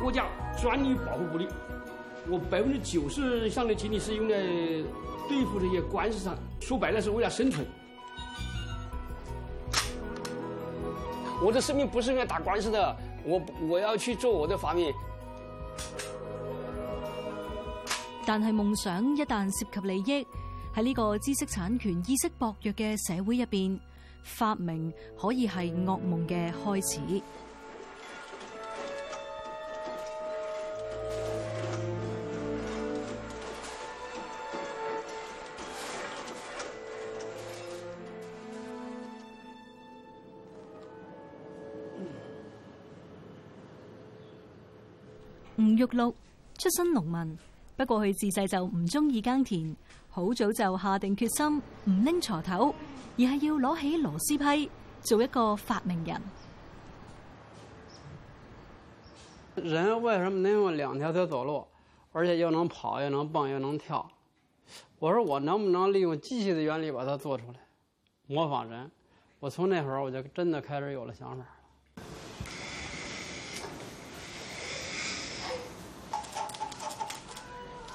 國家專利保護不力，我百分之九十以上的精力是用在對付這些官司上。說白了，是為了生存。我的生命不是用來打官司的，我我要去做我的發明。但係夢想一旦涉及利益，喺呢個知識產權意識薄弱嘅社會入邊，發明可以係噩夢嘅開始。玉鹿出身農民，不過佢自細就唔中意耕田，好早就下定決心唔拎鋤頭，而係要攞起螺絲批做一個發明人。人為什麼能用兩條腿走路，而且又能跑又能蹦又能跳？我說我能不能利用機器的原理把它做出來，模仿人？我從那會我就真的開始有了想法。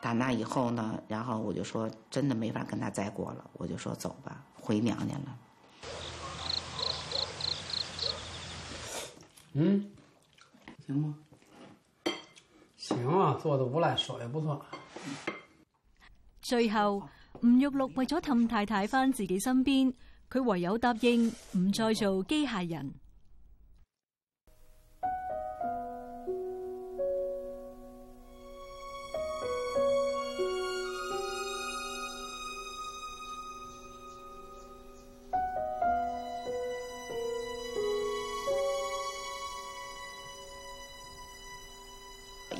打那以後呢，然後我就說真的沒法跟他再過了，我就說走吧，回娘家了。嗯，行嗎？行啊，做的不賴，手藝不錯。嗯。最後，吳玉祿為咗氹太太翻自己身邊，佢唯有答應唔再做機械人。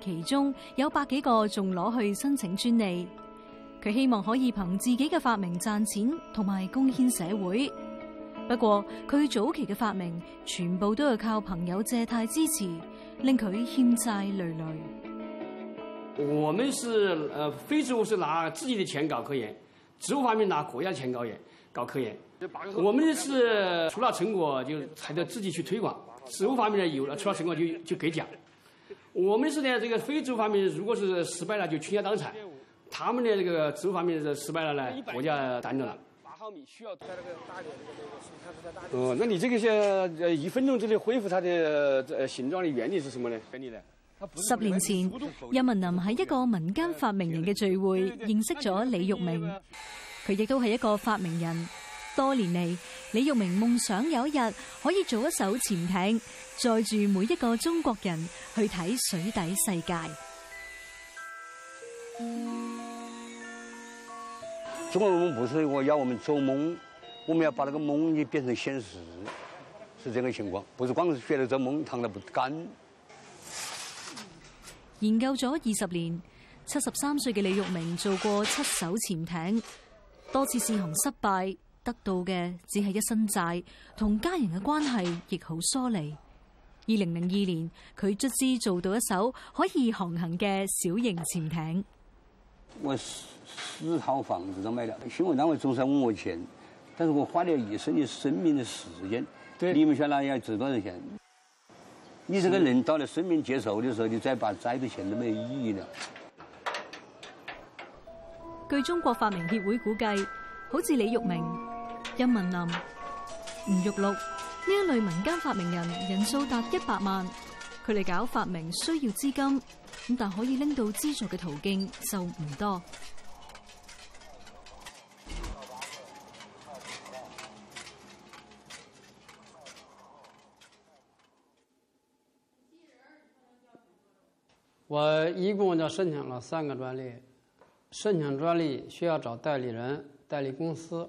其中有百幾個仲攞去申請專利，佢希望可以憑自己嘅發明賺錢，同埋貢獻社會。不過佢早期嘅發明全部都係靠朋友借貸支持，令佢欠債累累、嗯。我們是，呃，非職務是拿自己的錢搞科研，職務方面拿國家錢搞研，搞科研。我們是，除了成果就還得自己去推廣，職務方面有了，除了成果就就給獎。我們是呢，這個非植物發明，如果是失敗了就傾家蕩產；他們的這個植物發明是失敗了呢，國家擔當了。八毫米需要再那個大哦，那你這個一分鐘之內恢復它的形狀的原理是什麼呢？原理呢？十年前，任文林喺一個民間發明人嘅聚會認識咗李玉明，佢亦都係一個發明人，多年嚟。李玉明夢想有一日可以做一艘潛艇，載住每一個中國人去睇水底世界。中國夢不是我要我們做夢，我們要把那個夢就變成現實，是這樣情況，不是光是覺得做夢，躺得不幹。研究咗二十年，七十三歲嘅李玉明做過七艘潛艇，多次試航失敗。得到嘅只係一身債，同家人嘅關係亦好疏離。二零零二年，佢出資做到一艘可以航行嘅小型潛艇。我四套房子都賣了，新聞單位總想問我錢，但是我花了一生嘅生命嘅時間。對，你們想啦，要掙多少錢？你這個人到了生命結束嘅時候，你再把再多錢都冇意義了。嗯。據中國發明協會估計，好似李玉明。嗯一文林、吳玉祿呢一類民間發明人人數達一百萬，佢哋搞發明需要資金，但可以拎到資助嘅途徑就唔多。我一共就申請了三個專利，申請專利需要找代理人、代理公司。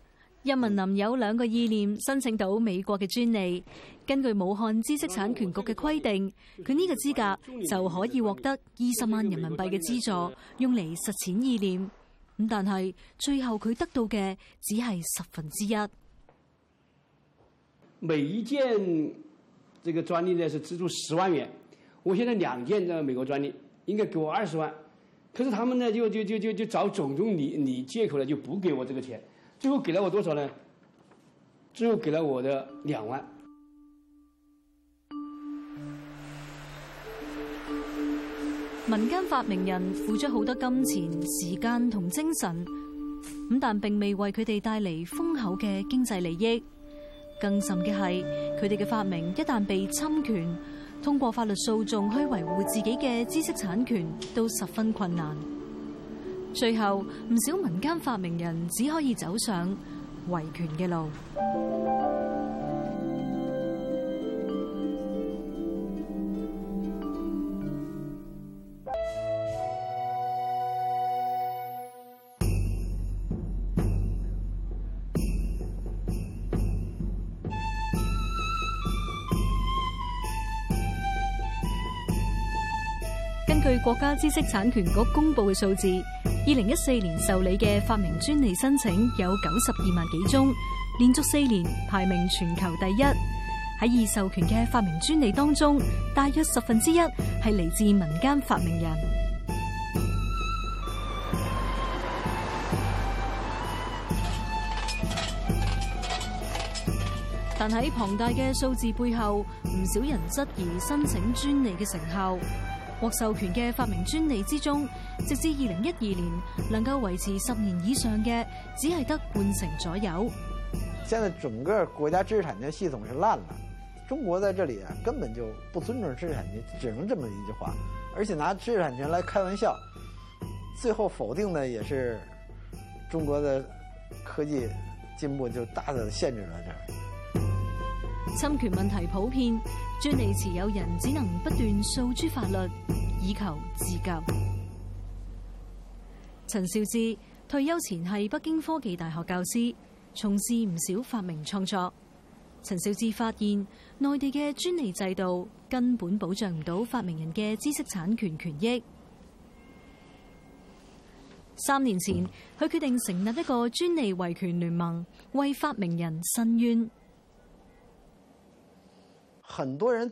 任文林有兩個意念申請到美國嘅專利，根據武漢知識產權局嘅規定，佢呢個資格就可以獲得二十萬人民幣嘅資助，用嚟實踐意念。咁但係最後佢得到嘅只係十分之一。每一件這個專利呢，是資助十萬元，我現在兩件呢，美國專利應該給我二十萬，可是他們呢就就就就就，就找種種理理借口呢就不給我這個錢。最後給了我多少呢？最後給了我的兩萬。民間發明人付出好多金錢、時間同精神，咁但並未為佢哋帶嚟豐厚嘅經濟利益。更甚嘅係，佢哋嘅發明一旦被侵權，通過法律訴訟去維護自己嘅知識產權都十分困難。最後，唔少民間發明人只可以走上維權嘅路。根據國家知識產權局公布嘅數字，二零一四年受理嘅發明專利申請有九十二萬幾宗，連續四年排名全球第一。喺已授權嘅發明專利當中，大約十分之一係嚟自民間發明人。但喺龐大嘅數字背後，唔少人質疑申請專利嘅成效。獲授權嘅發明專利之中，直至二零一二年能夠維持十年以上嘅，只係得半成左右。現在整個國家知識產權系統是爛了，中國在這裏根本就不尊重知識產權，只能這麼一句話，而且拿知識產權來開玩笑，最後否定的也是中國的科技進步就大大限制咗。侵權問題普遍，專利持有人只能不斷訴諸法律，以求自救。陳少志退休前係北京科技大學教師，從事唔少發明創作。陳少志發現內地嘅專利制度根本保障唔到發明人嘅知識產權權益。三年前，佢決定成立一個專利維權聯盟，為發明人申冤。很多人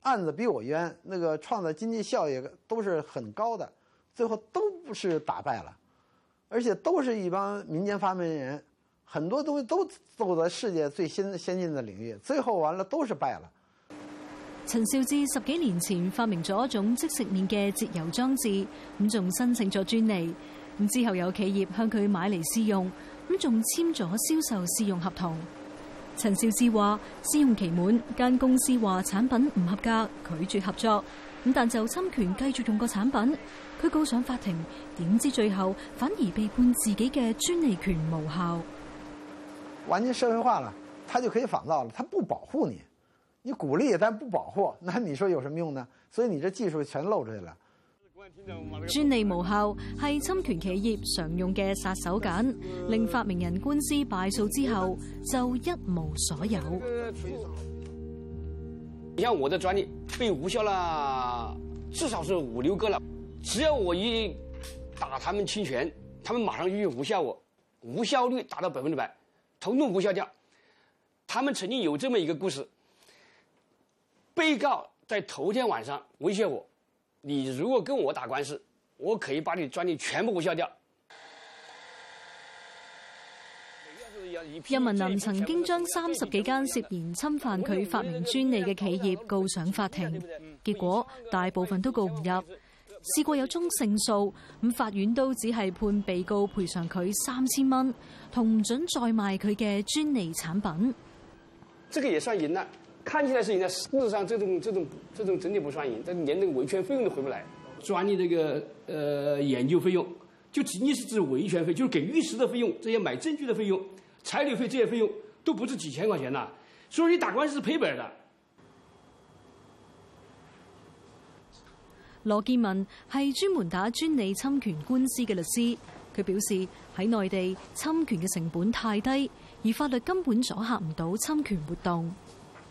案子比我冤，那個創造經濟效益都是很高的，最後都不是打敗了，而且都是一幫民間發明人，很多東西都走在世界最新先進的領域，最後完了都是敗了。陳少志十幾年前發明咗一種即食麵嘅節油裝置，咁仲申請咗專利，咁之後有企業向佢買嚟試用，咁仲簽咗銷售試用合同。陳少芝話：試用期滿，間公司話產品唔合格，拒絕合作。咁但就侵權繼續用個產品，佢告上法庭，點知最後反而被判自己嘅專利權無效。完全社會化了，他就可以仿造了，他不保護你，你鼓勵但不保護，那你說有什麼用呢？所以你這技術全漏出去了。專利無效係侵權企業常用嘅殺手鐧，令發明人官司敗訴之後就一無所有。你像我的專利被無效了，至少是五六個了。只要我一打他們侵權，他們馬上就無效我，無效率達到百分之百，通通無效掉。他們曾經有這麼一個故事：被告在頭天晚上威脅我。你你如果跟我打官司，我可以把你專利全部無效掉。任文林曾經將三十幾間涉嫌侵犯佢發明專利嘅企業告上法庭，結果大部分都告唔入。試過有中勝訴，咁法院都只係判被告賠償佢三千蚊，同唔准再賣佢嘅專利產品。這個也算贏啦。看起來是贏，但事實上這，這種這種這種整體不算贏，但你連那個維權費用都回唔來。專利那個呃研究費用，就僅僅是指維權費，就是給玉石的費用，這些買證據的費用、彩禮費這些費用，都不止幾千塊錢啦。所以你打官司是賠本的。羅建文係專門打專利侵權官司嘅律師，佢表示喺內地侵權嘅成本太低，而法律根本阻嚇唔到侵權活動。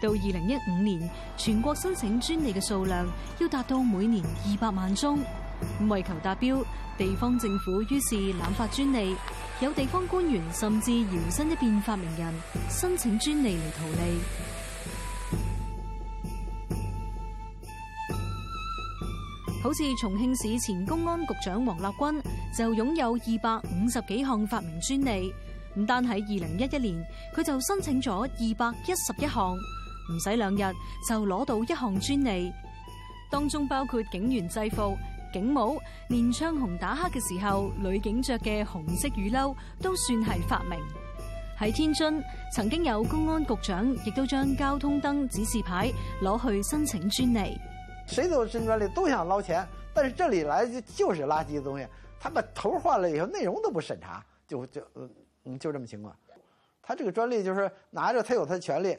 到二零一五年，全國申請專利嘅數量要達到每年二百萬宗。為求達標，地方政府於是濫發專利，有地方官員甚至搖身一變發明人，申請專利嚟圖利。好似重慶市前公安局長王立軍就擁有二百五十幾項發明專利，唔單喺二零一一年，佢就申請咗二百一十一項。唔使兩日就攞到一項專利，當中包括警員制服、警帽、連唱紅打黑嘅時候，女警着嘅紅色雨褸都算係發明。喺天津，曾經有公安局長亦都將交通燈指示牌攞去申請專利。誰都申專利都想撈錢，但是這裏來就就是垃圾的東西，他把頭換了以後，內容都不審查，就就嗯，就這麼情況。他這個專利就是拿着，他有他的權利。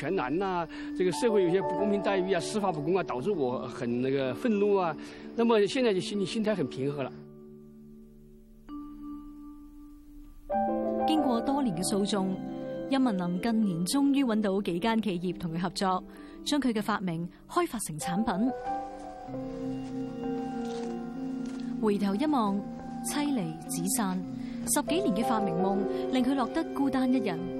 全男啊，這個社會有些不公平待遇啊，司法不公啊，導致我很那個憤怒啊。那麼現在就心裏心態很平和了。經過多年的訴訟，殷文林近年終於揾到幾間企業同佢合作，將佢嘅發明開發成產品。回頭一望，妻離子散，十幾年嘅發明夢令佢落得孤單一人。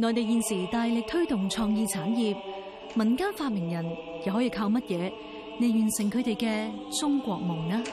內地現時大力推動創意產業，民間發明人又可以靠乜嘢嚟完成佢哋嘅中國夢呢？